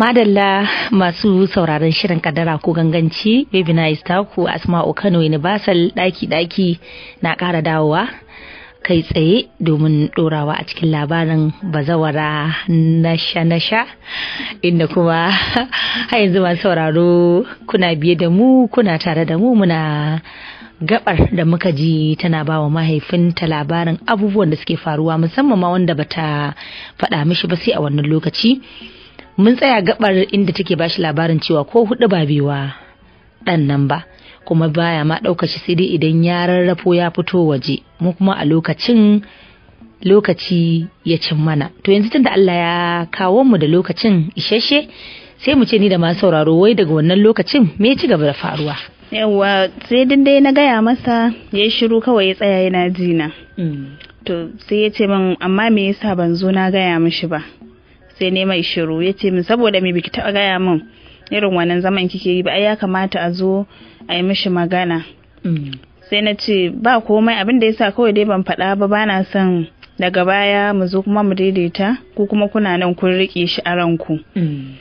Madalla masu sauraron shirin kadara ko ganganci Bebina ku Asma'u Kano Universal daki-daki na ƙara dawowa. kai tsaye domin dorawa a cikin labarin bazawara nasha-nasha inda kuma ha yanzu masu sauraro kuna biye da mu kuna tare da mu muna gabar da muka ji tana ba wa mahaifinta labarin abubuwan da suke faruwa musamman ma wanda bata faɗa mishi ba sai a wannan lokaci mun tsaya gabar inda take bashi labarin cewa ko hudu ba biwa ɗan nan ba kuma baya ma ɗauka shi sai dai idan ya rarrafo ya fito waje mu kuma a lokacin lokaci ya cin mana to yanzu tunda Allah ya kawo mu da lokacin isasshe sai mu ce ni da masu sauraro wai daga wannan lokacin me ci gaba da faruwa yawwa sai din dai na gaya masa ya shiru kawai ya tsaya yana jina mm. to sai ya ce min amma me yasa ban zo na gaya mishi ba sai ne mai shiru ya ce min saboda me biki taɓa gaya min irin wannan zaman kike yi ba ai ya kamata a zo a yi mishi magana mm. sai na ce ba komai abin da sa kawai dai ban faɗa ba bana son daga baya mu zo kuma mu daidaita ko kuma kuna nan kun riƙe shi a ranku mm.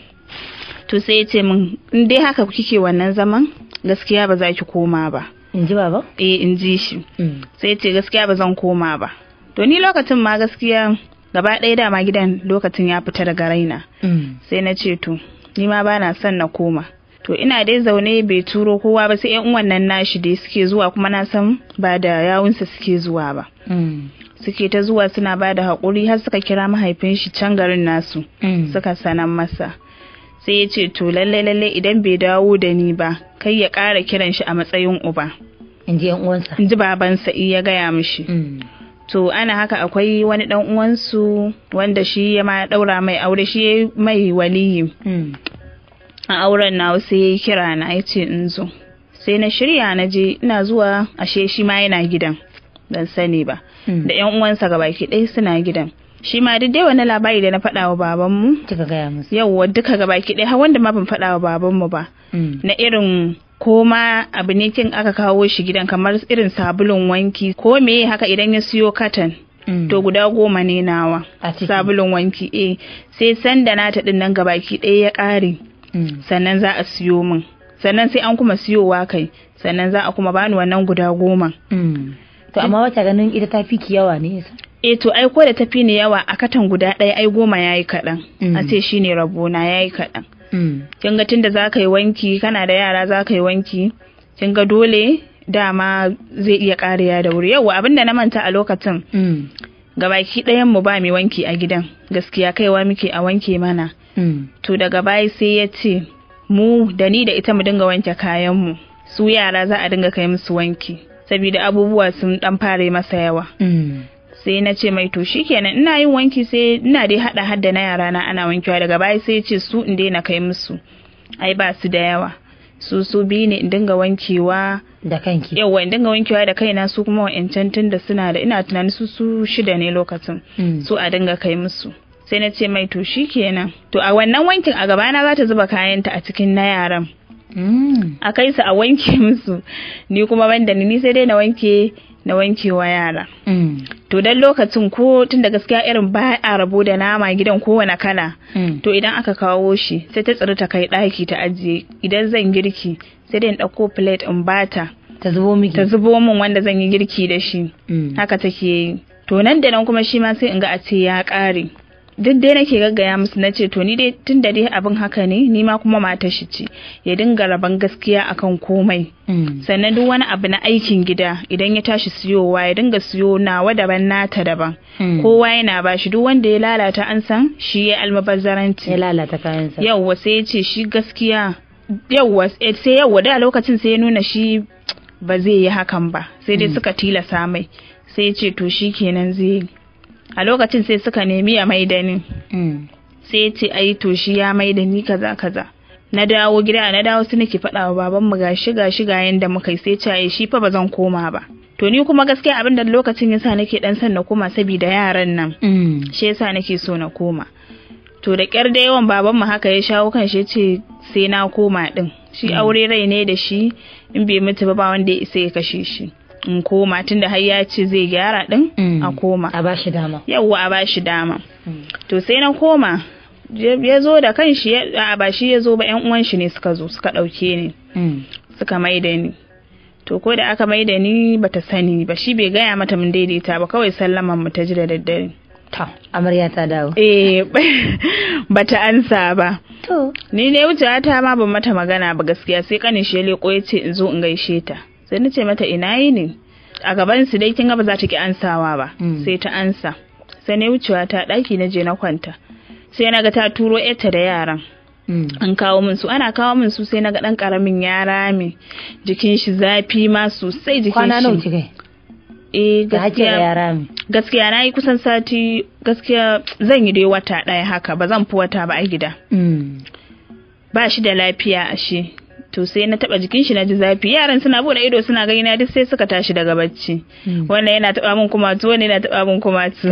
to sai ya ce min in dai haka kike wannan zaman gaskiya ba za ki koma ba in ji baba eh in ji shi mm. sai ya ce gaskiya ba zan koma ba to ni lokacin ma gaskiya gaba ɗaya dama gidan lokacin ya fita daga raina sai na ce to ni ma bana son na koma to ina dai zaune bai turo kowa ba sai yan wannan nashi dai suke zuwa kuma na san ba da yawunsa suke zuwa ba mm. suke ta zuwa suna ba da haƙuri har suka kira mahaifin shi can garin nasu mm. suka sanan masa sai ya ce to lallai lallai idan bai dawo da ni ba kai ya ƙara kiran shi a matsayin uba in ji yan uwansa in ji babansa ya gaya mishi mm. to ana haka akwai wani dan uwansu wanda shi ya ma ɗaura mai aure shi ya mai waliyi a auren wasu sai yi kira na ya ce in zo sai na shirya na je ina zuwa ashe shi ma yana gidan ban sani ba hmm. da yan uwansa gabaki ɗaya suna gidan shi ma duk dai wani labari da na faɗa wa babanmu kika gaya musu yawwa duka gabaki ɗaya har wanda ma ban faɗa wa mu ba hmm. na irin ko ma abu ne kin aka kawo shi gidan kamar irin sabulun wanki ko me haka idan ya siyo katan hmm. to guda goma ne nawa sabulun wanki eh sai sanda na ta din nan gabaki ɗaya ya ƙare Mm. sannan za a siyo min sannan sai an kuma siyowa kai sannan za a kuma bani wannan guda goma mm. to eh. amma wata ganin ita ta fi ki yawa ne yasa e to ai ko da ta fi ni yawa a katan guda ɗaya ai goma ya yi kaɗan mm. a ce shi ne rabona yi kaɗan kin ga da za ka yi wanki kana da yara za ka yi wanki kin ga dole dama zai iya ƙariya da wuri yau abinda na manta a lokacin gabaki ɗayan mu ba mai wanki a gidan gaskiya kaiwa muke a wanke mana hmm. to daga baya sai ya ce mu da ni da ita mu dinga wanke kayan mu su yara za a dinga kai musu wanki saboda abubuwa sun dan fare masa yawa hmm. sai na ce mai to shikenan ina yin wanki sai ina dai hada hadda na yara na ana wankewa daga baya sai ya ce su in daina kai musu ai ba su da yawa su su biyu ne in dinga wankewa da kanki yau wa dinga wankewa da kaina su kuma wa'ancan tun da suna da ina tunanin su su shida ne lokacin hmm. su a dinga kai musu sai na ce mai to shi kenan to a wannan wankin a gabana za ta zuba kayanta a cikin na yaran hmm. a kai su a wanke musu ni kuma ban da ni sai dai na wanke na wankewa yara. Mm. To dan lokacin ko tun da gaskiya irin ba a rabo da nama gidan kowane kala. Mm. To idan aka kawo shi sai ta tsiri ta kai ɗaki ta ajiye idan zan girki sai dai in ɗauko plate in bata. Ta zubo Ta zubo min wanda zan yi girki da shi. Mm. Haka take yi. To nan da nan kuma shi ma sai in ga a ce ya ƙare. duk dai nake gaggaya musu na ce to ni dai tun da dai abin haka ne ni ma kuma mata shi ce ya dinga raban gaskiya akan komai mm. sannan duk wani abu na aikin gida idan ya tashi siyowa ya dinga siyo nawa daban nata daban mm. kowa yana ba shi duk wanda ya lalata an san shi ya almabazzaranci ya lalata kayansa yawwa sai ya ce shi gaskiya yawwa eh, sai yawwa da lokacin sai ya nuna shi ba zai yi hakan ba sai dai mm. suka tilasa mai sai ya ce to shi kenan zai yi a lokacin sai suka nemi a maidanin hmm. sai ce ai to shi ya maidani kaza kaza na dawo gida na dawo su nake faɗa wa baban mu gashi gashi ga yanda muka sai ce shi fa ba zan koma ba to ni kuma gaskiya abin da lokacin yasa nake dan son na koma saboda yaran nan hmm. shi yasa nake so na koma to da kyar da yawan baban mu haka ya shawo kan shi ce sai na koma din shi hmm. aure rai ne da shi in bai mutu ba ba wanda ya isa ya kashe shi in koma tunda har ya ce zai gyara din a mm. koma a bashi dama yawwa a bashi dama mm. to sai na koma ya zo da kanshi a ba shi ya zo ba yan uwan shi ne suka zo suka dauke ni mm. suka mai da ni to ko da aka da ni bata sani ba shi bai gaya mata mun daidaita ba kawai sallaman mu ta ji da daddare ta amarya ta dawo eh bata ansa ba ni ne wucewa ta ma ban mata magana ba gaskiya sai kanin shi ya leko ya ce in zo in gaishe ta sai na ce mata ina yi ne a gaban su dai kin ga ba za ta ki ansawa ba mm. sai ta ansa sai na wucewa ta daki na je na kwanta sai na ga ta turo yarta da yaran mm. an kawo min su ana kawo min su sai na ga dan karamin yara me jikin shi zafi ma sosai jikin shi eh gaskiya gaskiya na yi kusan sati gaskiya zan yi dai wata ɗaya haka ba zan fi wata ba a gida mm. ba shi da lafiya ashe to sai na taba jikin shi na ji zafi yaran suna bude ido suna gani na duk sai suka tashi daga bacci hmm. wannan yana taba min kumatu wannan yana taba min kumatu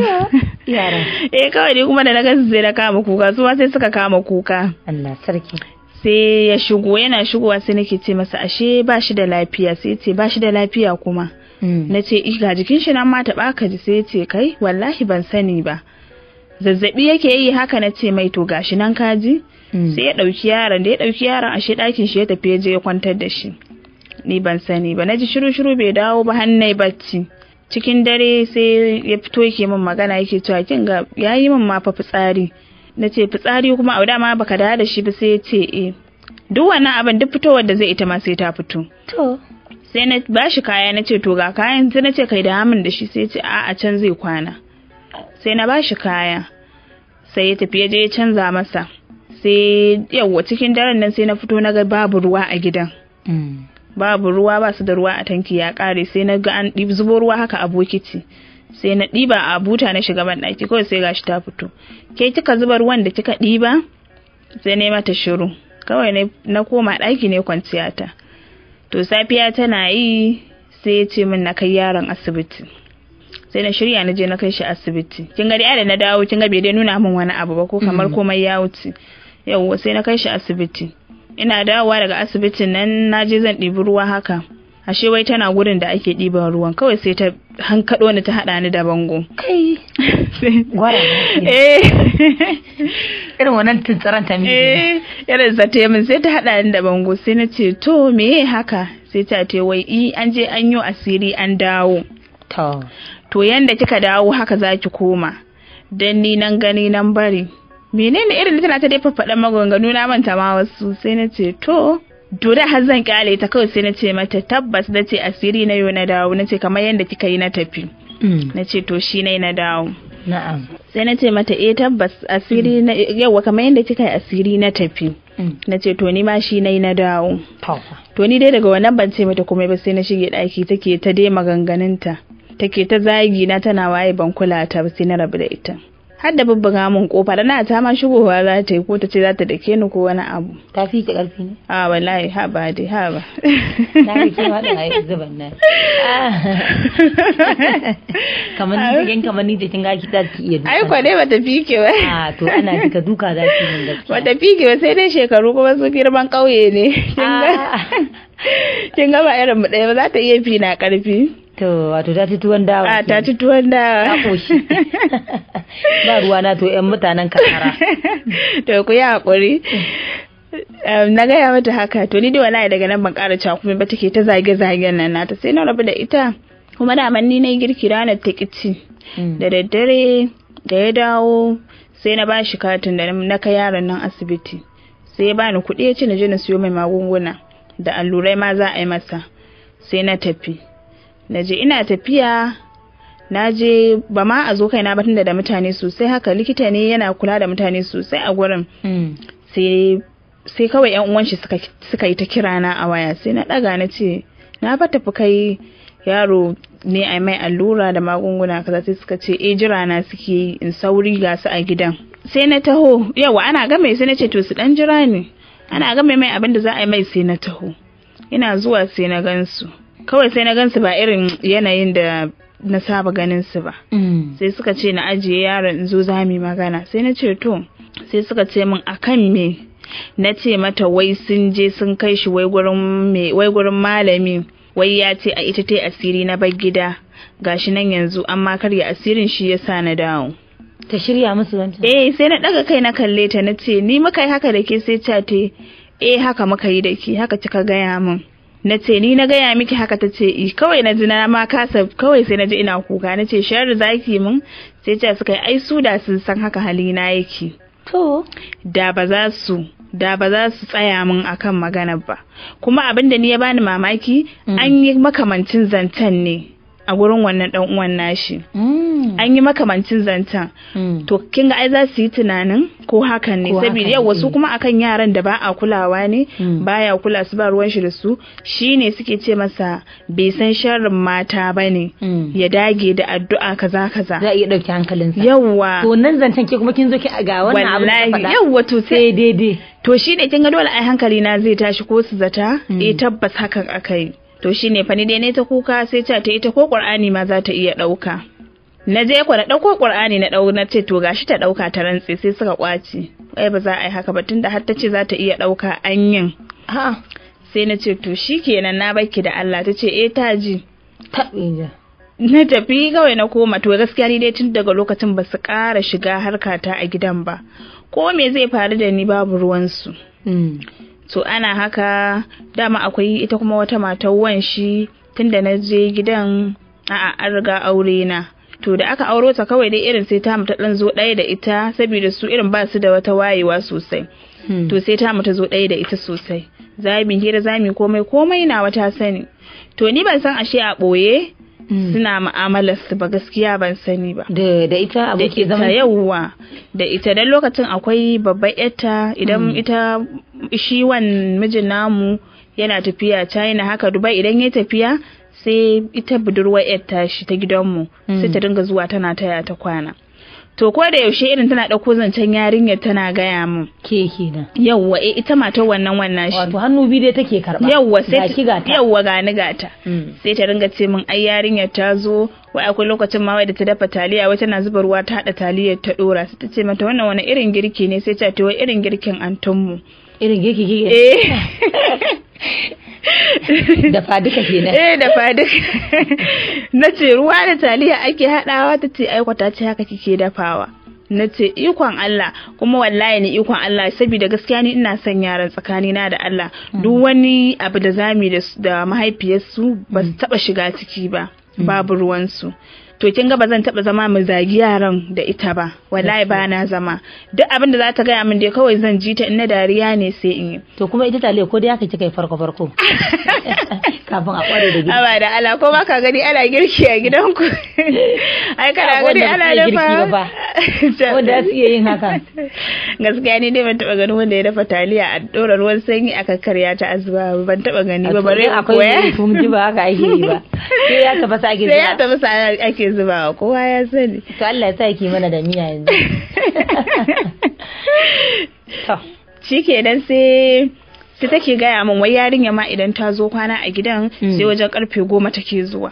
yaran eh kawai ne kuma da na gansu sai na kama kuka su ma sai suka kama kuka Allah sarki sai ya shigo yana shigowa sai nake ce masa ashe ba shi da lafiya sai ce ba shi da lafiya kuma hmm. na ce ga jikin shi nan ma taba ka ji sai ce kai wallahi ban sani ba zazzabi yake yi haka na ce mai to gashi nan kaji hmm. sai ya dauki yaron da ya dauki yaron ashe dakin shi ya tafi ya je ya kwantar da shi ni ban sani ba naji shiru shiru bai dawo ba hannai bacci cikin dare sai ya fito yake min magana yake cewa kin ga yayi min ma fa fitsari na ce fitsari kuma a dama baka dawo da shi ba sai ya ce eh duk wannan abin duk fitowar da zai ita ma sai ta fito to sai na bashi kaya na ce to ga kayan sai na ce kai da min da shi sai ya ce a can zai kwana sai na bashi kaya sai ya tafi je ya canza masa sai yawo cikin daren nan sai na fito na ga babu ruwa a gidan mm. babu ruwa ba su da ruwa a tanki ya kare sai na ga an zubo ruwa haka a bokiti sai na ɗiba a buta na shiga ban ɗaki kawai sai gashi ta fito ke kika zuba ruwan da kika ɗiba sai na mata shiru kawai na koma ɗaki ne kwanciya ta to safiya tana yi sai ya ce min na kai yaron asibiti sai na shirya na je na kai shi asibiti kin ga da na dawo kin ga bai dai nuna min wani abu ba ko kamar mm. komai ya wuce yawwa sai na kai shi asibiti ina dawowa daga asibitin nan na je zan ɗibi ruwa haka ashe wai tana gurin da ake ɗiban ruwan kawai sai ta hankaɗo ni ta haɗa ni da bango. Kai, gwara Eh. Irin wannan tuntsaran ta Eh, irin sa ta min sai ta haɗa ni da bango sai na ce to me haka sai ta ce wai an je an yi asiri an dawo. to yanda kika dawo haka zaki koma dan ni nan gani nan bari menene irin tana ta dai faffada maganganu na manta ma wasu sai na ce to dole har zan kyale ta kawai sai na ce mata tabbas na ce asiri na yau na dawo na ce kamar yadda kika yi na tafi mm. na ce to shi ne na dawo na'am sai na ce mata eh tabbas asiri na yawa kamar yadda kika yi asiri na tafi mm. na ce to ni ma shi na na dawo to ni dai daga wannan ban ce mata komai ba sai na shige daki take ta dai maganganunta take ta zagi na tana waye ban kula ta ba sai na rabu da ita har da bubbuga min kofa da na ta ma shigowa za ta yi ko ta ce za ta dake ni ko wani abu ta fi ki karfi ne a wallahi ha ba dai ha ba na fi ki ma da na zuban nan kamar ni kin kamar ni jikin ga ki ta ki iya duka ai ko dai bata fike ba a to ana ka duka za ki mun gaskiya bata fike ba sai dai shekaru kuma su girman kauye ne kin ga kin ga ba irin mu ɗaya ba za ta iya fi na karfi To wato ta ci dawa. A ah, ta ci dawa. Ta koshi. Ba ruwa na to 'yan mutanen karkara. To ku yi haƙuri. Um, na gaya mata haka to ni dai wallahi daga nan ban ƙara cakumi ba take ta zage-zagen nan nata sai na rabu da ita kuma daman ni na girki ranar ta kici mm. da daddare da ya dawo sai na ba shi katin da na kai yaron nan asibiti sai ya bani kuɗi ya ce na je na siyo mai magunguna da allurai ma za a yi masa sai na tafi na je ina tafiya na je ba ma a zo kaina ba tunda da mutane sosai haka likita ne yana kula da mutane sosai a gurin hmm. sai kawai yan uwan shi suka yi ta kira na a waya sai na daga na ce na ba tafi kai yaro ne a mai allura da magunguna kaza sai suka ce e jira na suke in sauri ga su a gidan sai na taho yawa ana game sai na ce to su dan jira ne ana game mai abin da za a yi mai sai na taho ina zuwa sai na gansu kawai sai na gansu ba irin yanayin da na saba ganin su ba mm. sai suka ce na ajiye yaron in zo za mu magana sai na ce to sai suka ce min akan me na ce mata wai sun je sun kai shi wai gurin malami wai ya ce a ita tai asiri na bar gida gashi nan yanzu amma karya asirin shi ya sa na dawo ta shirya musu wancan eh sai na daga kai na kalle ta na ce ni muka yi haka da ke sai ta eh haka muka yi da ke haka kika gaya min na ce ni na gaya miki haka ta ce kawai na ji na ma kasa kawai sai na ji ina kuka na ce shayar da ki min sai ce suka yi ai su da sun san haka halina yake to da ba za su da ba za su tsaya min akan maganar ba kuma abin da ni ya bani mamaki mm. an yi makamancin zancen ne a gurin wannan dan uwan nashi mm. an yi makamancin zantan. Mm. to kin ga ai za su yi tunanin ko hakan ne saboda yau wasu kuma akan yaran da ba a kulawa ne mm. baya kula su ba ruwan shi da su shine suke ce masa bai san sharrin mata bane ya dage da addu'a kaza kaza za a iya dauki sa. yawwa to nan zantan ke kuma kin zo ki ga wannan abin da faɗa yawwa to sai daidai to shine kin ga dole ai hankali na zai tashi ko su zata eh tabbas hakan akai to shine fa ni dai ne ta kuka sai ta ta ita ko ƙur'ani ma za ta iya dauka na je ku na dauko qur'ani na dau na ce to gashi ta ɗauka ta rantse sai suka kwaci ai ba za a yi haka ba tunda har ta ce za ta iya ɗauka anyin ha sai na ce to shikenan na baki da Allah ta ce eh ta ji ta na tafi kawai na koma to gaskiya ni dai tun daga lokacin ba su ƙara shiga harkata a gidan ba ko me zai faru da ni babu ruwansu hmm. To ana haka dama akwai ita kuma wata matar wanshi tunda na je gidan a'a an riga aure na to da aka auro ta kawai dai irin sai tamu ta dan zo ɗaya da ita saboda su irin ba su da wata wayewa sosai hmm. to sai tamu ta zo ɗaya da ita sosai za mu hira za mu komai komai na wata sani to ni ban san ashe a ɓoye Mm. suna mu'amalar su ba gaskiya ban sani ba da ita aboki zaman yauwa da ita dan lokacin akwai babbar yarta idan mm. ita shi wan mijin namu yana tafiya China haka Dubai idan ya tafiya sai ita budurwar yarta shi ta gidanmu sai ta mm. dinga zuwa tana taya ta kwana to ko da yaushe irin tana ɗauko zancen yarinyar tana gaya min ke kenan yawwa eh ita matar wannan wannan shi wato hannu biyu dai take karba yawwa sai yawwa gani gata mm. sai ta ringa ce min ai yarinyar ta zo wai akwai lokacin ma wai da ta dafa taliya wai tana zuba ruwa ta hada taliyar ta dora sai ta ce mata wannan wani irin girki ne sai ta ce wai irin girkin mu. irin girki girki eh. da kenan eh da na ruwa da taliya ake hadawa tace ce aikwata ce haka kike dafawa nace ikon Allah kuma wallahi ni ikon Allah saboda gaskiya ni ina son yaran na da Allah mm. duk wani abu da zami da mahaifiyarsu ba su mm. taba shiga ciki ba mm. babu ruwansu to kin ga ba zan taba zama mu zagi yaran da ita ba wallahi ba na zama duk abin da za ta gaya min dai kawai zan ji ta in na dariya ne sai in yi to kuma ita taliya ko da yaka kika yi farko farko kafin a kware da gida aba da ala ko ba ka gani ana girki a gidanku ai kana gani ana dafa da su iya yin haka gaskiya ne dai ban taba gani wanda ya dafa taliya a dora ruwan sanyi aka karya ta azuba ban taba gani ba bare akwai kun ji ba haka ake yi ba sai ya tafasa ake sai ya tafasa ake zuba zubawa kowa ya sani to Allah ya sa ki mana da miya yanzu to shikenan sai sai take gaya min wai yarinya ma idan ta zo kwana a gidan hmm. sai wajen karfe goma take zuwa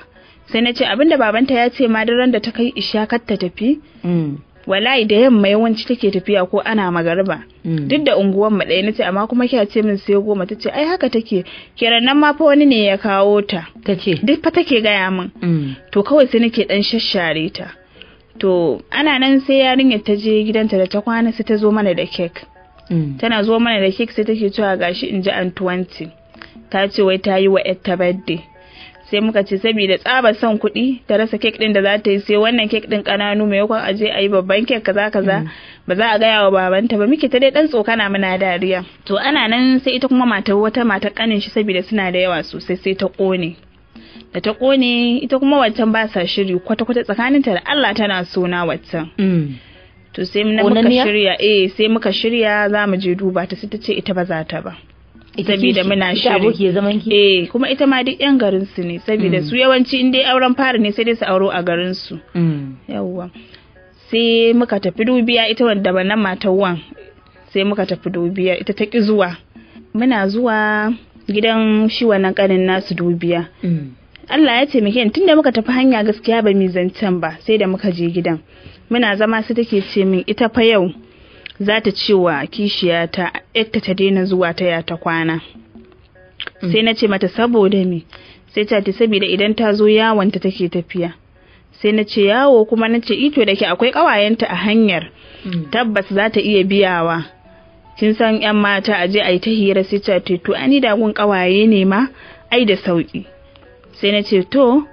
sai na ce abinda babanta ya ce ma ran da ta kai isha kar ta tafi hmm. wallahi da yamma yawanci take tafiya ko ana magariba mm. duk da unguwar mu ɗaya nace amma kuma kya ce min sai goma tace ai haka take kiran nan ma fa wani ne ya kawo ta tace duk fa take gaya min mm. to kawai sai nake dan shashare ta to ana nan sai yarinyar ta je gidanta da ta kwana sai ta zo mana da kek mm. tana zo mana da kek sai take cewa gashi in ji an 20 ta ce wai ta yi wa ta birthday sai muka ce saboda tsaba son kuɗi ta rasa kek ɗin da za ta yi sai wannan kek ɗin kananu mai yakon aje a yi babban kek kaza kaza mm. ba za a gaya wa babanta ba muke ta dai dan tsokana muna dariya to ana nan sai ita kuma mata wata mata ƙanin shi saboda suna da yawa sosai sai ta ƙone da ta ƙone ita kuma wancan ba sa shiri kwata-kwata tsakaninta da Allah tana na wancan mm. to sai muka shirya eh sai muka shirya za mu je duba ta sai ta ce ita ba za ta ba saboda muna shiri eh kuma ita ma duk yan garin su ne saboda mm. su yawanci in dai auren fara ne sai dai su auro a garin su mm. yawwa sai muka tafi dubiya ita wanda wannan wan sai muka tafi dubiya ita ta ki zuwa muna zuwa gidan shi wannan kanin nasu dubiya mm. Allah ya taimake ni tunda muka tafi hanya gaskiya ba mi zancen ba sai da muka je gidan muna zama sai take ce min ita fa yau za ta ce wa kishiya ta yadda ta daina zuwa ta ya ta kwana sai na ce mata saboda me sai ta ce saboda idan ta zo yawon take tafiya sai na ce yawo kuma na ce ito da ke akwai kawayenta a hanyar tabbas za ta iya biyawa kin san yan mata a je a yi ta hira sai ta ce to ani da gun kawaye ne ma ai da sauki sai na ce to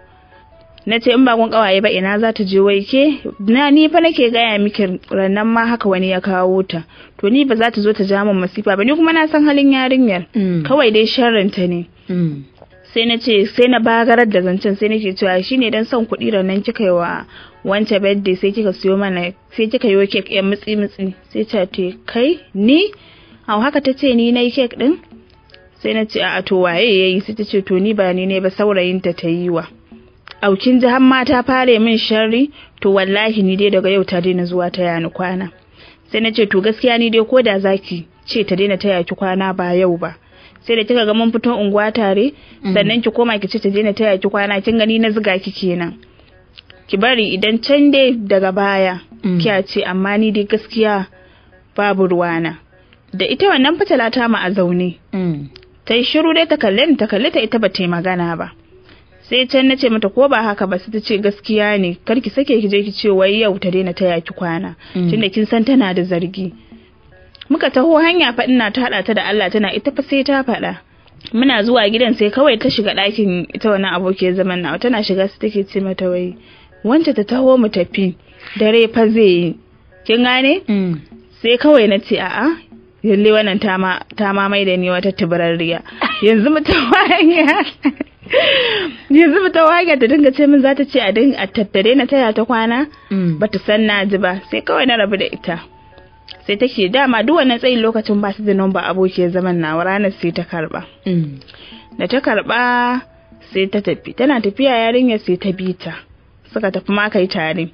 na ce in ba kun kawaye ba ina za ta je wai ke na ni fa nake gaya miki rannan ma haka wani ya kawo ta to ni ba za ta zo ta ja min masifa ba ni kuma na san halin yarinyar mm. kawai dai sharrinta ne mm. sai na ce sai na bagarar da zancen sai nake cewa shine dan son kuɗi rannan kika yi wa wance birthday sai kika siyo mana sai kika yi kek yan mutsi mutsi sai ta ce kai ni au haka ta ce ni nayi kek din sai na ce a to waye yayi sai ta ce to ni ba ni ne ba saurayinta ta yi wa aukin jihan mata fare min sharri to wallahi ni dai daga yau ta daina zuwa ta yani kwana sai na ce to gaskiya ni dai ko da zaki ce ta daina taya ki kwana ba yau ba sai da kika ga mun fito unguwa tare mm. sannan ki koma ki ce ta daina taya ki kwana kin gani na ziga ki kenan ki bari idan can dai daga baya mm. kiya ce amma ni dai gaskiya babu ruwana da ita wannan fatala ta ma a zaune mm. ta yi shiru dai ta kalle ta kalle ta ita ba ta yi magana ba sai can na ce mata ko ba haka ba sai ta ce gaskiya ne kar ki sake ki je ki ce wai yau ta daina taya ki kwana mm. tunda kin san tana da zargi muka taho hanya fa ina ta hada ta da Allah tana ita fa sai ta faɗa muna zuwa gidan sai kawai ta shiga ɗakin ita wani abokiyar zaman nawa tana shiga su take ce mata wai wanda ta taho mu tafi dare fa zai yi kin gane mm. sai kawai na ce a'a yalle wannan ta ma mai da ni wata tibirarriya yanzu mu ta hanya yanzu ta waga ta dinga ce min za ta ce a tattare na taya ta kwana mm. ba ta san na ji ba sai kawai na rabu da ita sai ta ke dama duk wannan tsayin lokacin ba su da namba abokiyar zaman nawa ranar sai ta karba mm. da ta karba sai ta tafi tana tafiya yarinyar sai ta bi ta suka tafi ma kai tare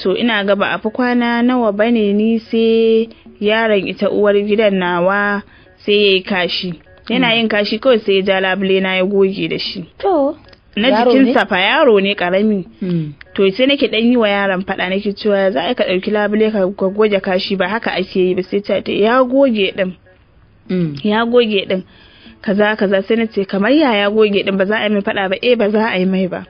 to ina ga ba a fi kwana nawa bane ni sai yaron ita uwar gidan nawa sai ya yi kashi yana hmm. yin kashi kawai sai ya ja labule na ya goge da shi to na jikin safa yaro ne karami hmm. to sai nake ɗan yi wa yaron faɗa nake cewa za a ka ɗauki labule ka goge kashi ba haka ake yi ba sai ta ya goge din hmm. ya goge din kaza kaza sai na ce kamar yaya goge din ba za a yi mai faɗa ba eh ba za a yi mai ba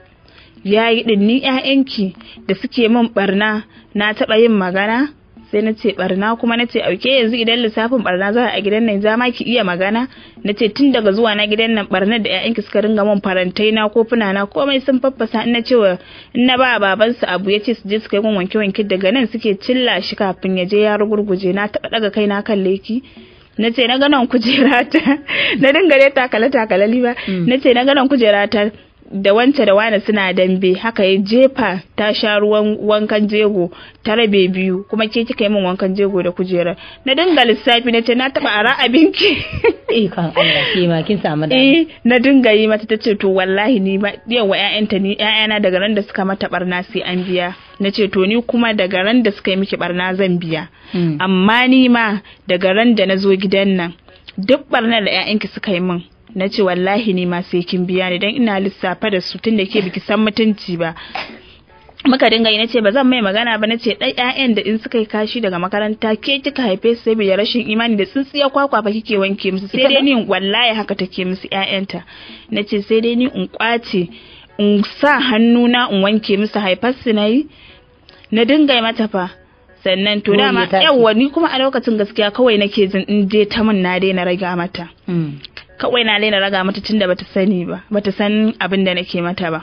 ya yi din ni ƴaƴanki da suke min barna na taɓa yin magana sai na ce barna kuma na ce auke yanzu idan lissafin barna za a gidan nan zama ki iya magana na ce tun daga zuwa na gidan nan barnar da ƴaƴanki suka ringa min farantai na kofuna na komai sun faffasa in na ce wa in na ba babansu abu ya ce su je su kai gun wanke wanke daga nan suke cilla shi kafin ya je ya rugurguje na taɓa ɗaga kai na kalle ki na ce na ganan kujera ta na dinga dai takale takale liba mm. na ce na ganan kujera ta da wance da wane suna dambe haka ya jefa ta sha ruwan wankan jego ta rabe biyu kuma ke kika yi min wankan jego da kujerar na dinga lissafi na ce na taba ara abinki eh kan Allah ke ma kin samu da eh na dinga yi mata tace to wallahi ni ma wa ƴaƴanta ni ƴaƴana daga ran da suka mata barna sai an biya na ce to ni kuma daga ran da suka yi miki barna zan biya hmm. amma ni ma daga ran da na zo gidan nan duk barnar da ƴaƴanki suka yi min na ce wallahi ne ma sai kin biya ni dan ina lissafa da su tunda ke biki san mutunci ba muka dinga yi nace ba zan mai magana ba nace dai ƴaƴan da in suka yi kashi daga makaranta ke kika haife su sai rashin imani da tsintsiya kwakwa fa kike wanke musu sai dai ni wallahi haka take musu ƴaƴanta nace sai dai ni in kwace in sa na in wanke musu haifar su nayi na dinga mata fa sannan to dama yawa ni kuma a lokacin gaskiya kawai nake jin in je ta mun na dai na raga mata mm. kawai na daina raga mata tunda bata sani ba bata san abin da nake mata ba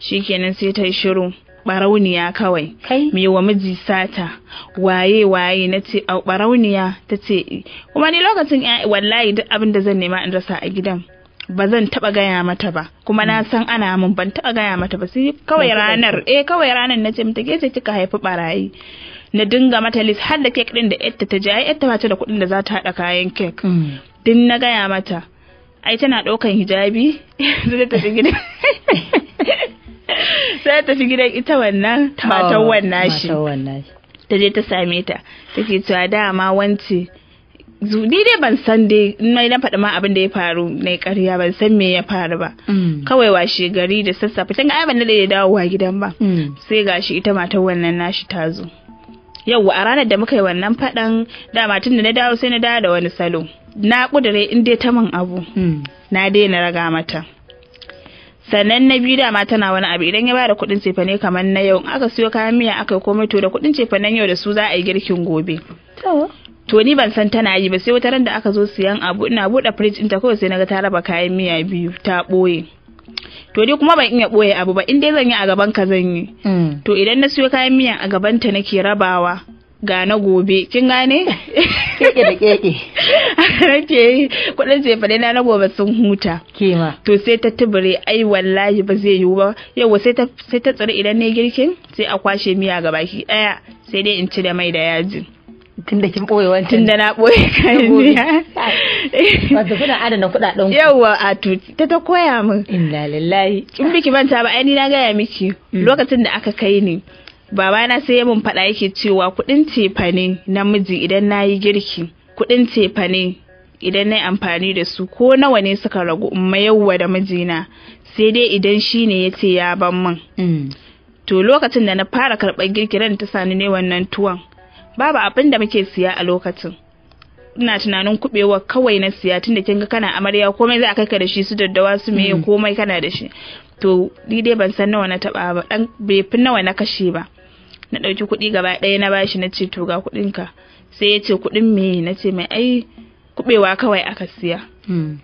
shikenan sai ta yi shiru barauniya kawai kai me wa miji sata waye waye na ce a barauniya ta ce kuma ni lokacin wallahi duk abin da zan nema in rasa a gidan ba zan taba gaya mata ba kuma na san ana mun ban taba gaya mata ba sai kawai ranar eh kawai ranar na ce mata ke ce kika haifi barayi na dinga mata list har da kek din da yatta ta je ai yatta ta da kuɗin da za ta haɗa kayan kek mm. din na gaya mata ai tana ɗaukan hijabi sai ta tafi gidan sai ta tafi gidan ita wannan matan oh, wannan shi ta je ta same ta take cewa dama wance ni dai ban san dai mai na faɗi ma abin da ya faru na ƙarya ban san me ya faru ba mm. kawai washe gari da sassafe tun ga ai ban da dawowa gidan ba mm. sai gashi ita matar wannan nashi ta zo Yau a ranar da muka yi wannan faɗan dama tun da na dawo sai na dawo da wani salo na ƙudure in dai ta man abu hmm. na daina raga mata sannan na biyu dama tana wani abu idan ya bada kuɗin cefane kamar na yau aka siyo kayan miya aka yi komai to da kuɗin cefanen yau da su za a yi girkin gobe to ni ban san tana yi ba sai wata ran da aka zo siyan abu ina buɗe fridge ta kawai sai naga ta raba kayan miya biyu ta ɓoye to dai kuma ban iya boye abu ba in dai zan yi a gaban ka zan yi mm. to idan na siyo kayan miya a gaban ta nake rabawa ga na gobe kin gane keke da keke nake yi kudin jefa na na gobe sun huta kima to sai ta tubure ai wallahi ba zai yiwu ba yawa sai ta sai ta tsare idan ne girkin sai a kwashe miya ga baki daya sai dai in ci da mai da yaji tun da kin ɓoye wancan tun da na ɓoye kayan wato kuna adana kuɗaɗen ku yawwa a tuti ta ta koya min inna lillahi in biki manta ba ai ni na gaya miki mm. lokacin da aka kai ni babana sai ya mun faɗa yake cewa kuɗin cefane namiji idan na yi girki kuɗin cefane idan na yi amfani da su ko nawa ne suka ragu in da mijina sai dai idan shi ne ya ce ya ban min. Mm. To lokacin da na fara karɓar girki ran ta sani ne wannan tuwon babu abin da muke siya a lokacin ina tunanin kubewa kawai na siya tunda kin ga kana amarya komai za a kai ka da shi su daddawa su meye mm. komai kana da shi to ni dai ban san nawa na taba ba dan bai fi nawa na kashe ba na dauki kuɗi gaba ɗaya na bashi na ce to ga kudin ka sai ya ce kuɗin me na ce mai ai kubewa kawai aka siya mm.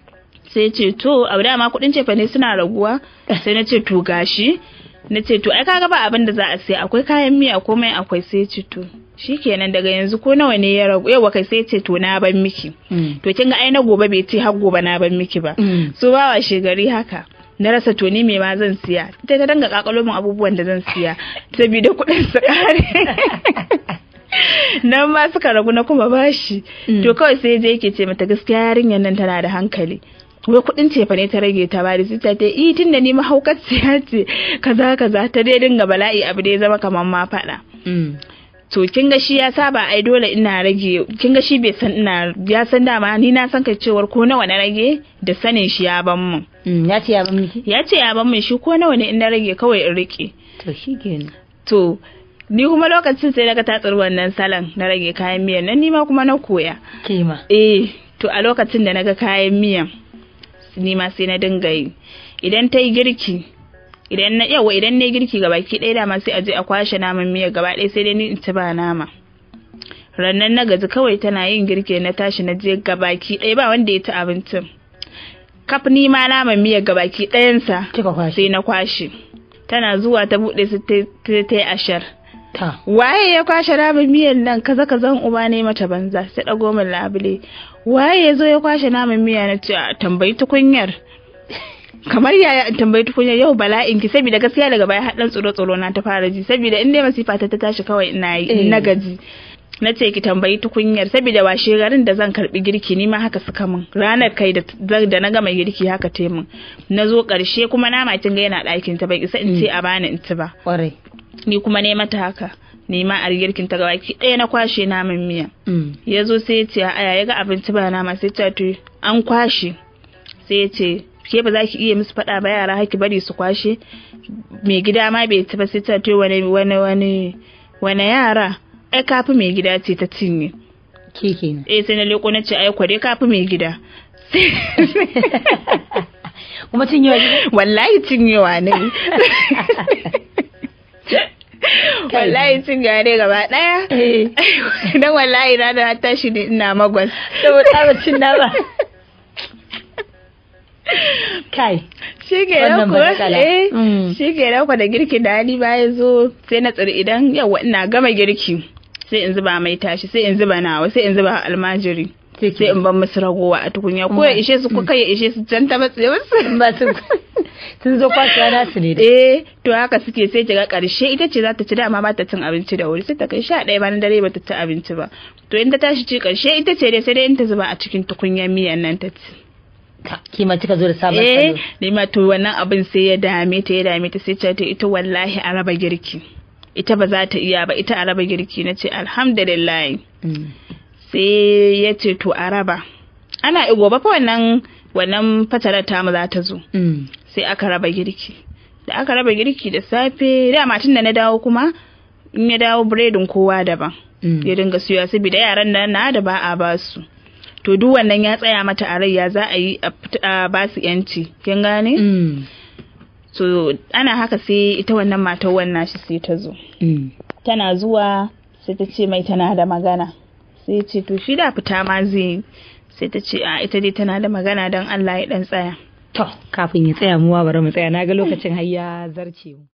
sai ya ce to abu dama kuɗin fa ne suna raguwa sai na ce to gashi na ce to ai kaga ba abin da za a siya akwai kayan miya komai akwai sai ce to shikenan daga yanzu ko nawa ne ya rabu yawa kai sai ce to na ban miki mm. to kin ga ai na gobe bai ce har gobe na ban miki ba mm. so ba wa gari haka na rasa to ni me ma zan siya ita ta danga kakalo abubuwan da zan siya saboda kuɗin su kare nan ma suka ragu na kuma bashi mm. to kawai sai je yake ce mata gaskiya yarinyar nan tana da hankali wai kudin cefa ne ta rage ta bari sita ta ce i eh, tunda ni mahaukar siya ce kaza kaza ta dai dinga bala'i abu dai zama kamar ma fada mm. to kin ga shi ya saba ai dole ina rage kin ga shi bai san ina ya san dama ni na san ka cewar ko nawa na rage da sanin shi ya ban mun mm, ya ce ya ban miki ya ce ya ban mun shi ko nawa ne ina na rage kawai in rike to shi to ni kuma lokacin sai na ga tatsar wannan salon na rage kayan miyan nan ni ma kuma na koya kima eh to a lokacin da na ga kayan miyan ni ma sai na dinga yi idan ta yi girki idan na yawa idan na yi girki gabaki ɗaya dama sai a je a kwashe naman miya gaba ɗaya sai dai ni in ci ba nama rannan na gaji kawai tana yin girki na tashi na je ki ɗaya ba wanda ya ci abincin kaf ni ma naman miya ki ɗayansa sai na kwashe tana zuwa ta buɗe su ta yi ashar waye ya kwashe rabin miyan nan kaza kazan uba ne mata banza sai ɗago min labule waye ya zo ya kwashe naman miya na ce tambayi tukunyar kamar yaya in tambayi tukunyar yau bala'in ki saboda gaskiya daga baya haɗin tsoro tsoro na ta fara ji saboda in dai masifa ta tashi kawai ina yi na eh. gaji na ce ki tambayi tukunyar saboda washe garin da zan karbi girki ni ma haka suka min ranar kai da na gama girki haka te min na zo karshe kuma nama kin ga yana ɗakin ta bai isa in ce mm. a bani in ci ba ni kuma ne mata haka nema a girkin ta ki ɗaya na kwashe naman miya mm. ya zo sai ya ce aya ya ga abinci ba nama sai ta to an kwashe sai ya ce ke ba za ki iya musu faɗa ba yara haki bari su kwashe mai gida ma bai ci ba sai ta to wani wani wani wani yara ai kafi mai gida ce ta cinye ke eh sai na leko na ce ai kware kafi mai gida kuma cinyewa wallahi cinyewa ne wallahi cin gare gaba daya eh. idan wallahi na da tashi ne ina magwas saboda tsaba cin nama kai shi ke kuwa eh. mm. shi ke kuwa da girki da hali ya zo sai na tsiri idan yawa ina gama girki sai in zuba mai tashi sai in zuba nawa sai in zuba almajiri sai in ban musu ragowa a tukunya ko ya mm. ishe su ko kai ya ishe su can ta matse musu ba su sun zo kwasu na su ne eh to haka suke sai kiga karshe ita ce za ta ci dama ba ta cin abinci da wuri sai ta kai sha ɗaya ba na dare ba ta ci abinci ba to in ta tashi ci karshe ita ce dai sai dai in ta zuba a cikin tukunyar miyan nan ta ci kima cika zo da sabon salo eh ma to wannan abin sai ya dame ta ya dame ta sai ta ita wallahi a raba girki ita ba za ta iya ba ita a raba girki na ce alhamdulillah mm. sai ya ce to a raba ana gobe fa wannan wannan ta tamu za ta zo mm. sai aka raba girki da aka raba girki da safe da matin da na dawo kuma in ya dawo biredin kowa daban mm. ya dinga siya da yaran da na da ba a ba su to duk wannan ya tsaya mata a rai za a yi a ba su yanci kin gane mm. so ana haka sai ita wannan matar wannan shi sai ta zo tana zuwa sai ta ce mai tana da magana sai ce to shi da fita ma zai sai ta ce a ita dai tana da magana don Allah ya dan tsaya to kafin ya tsaya muwa bari mu tsaya na ga lokacin har ya zarce mu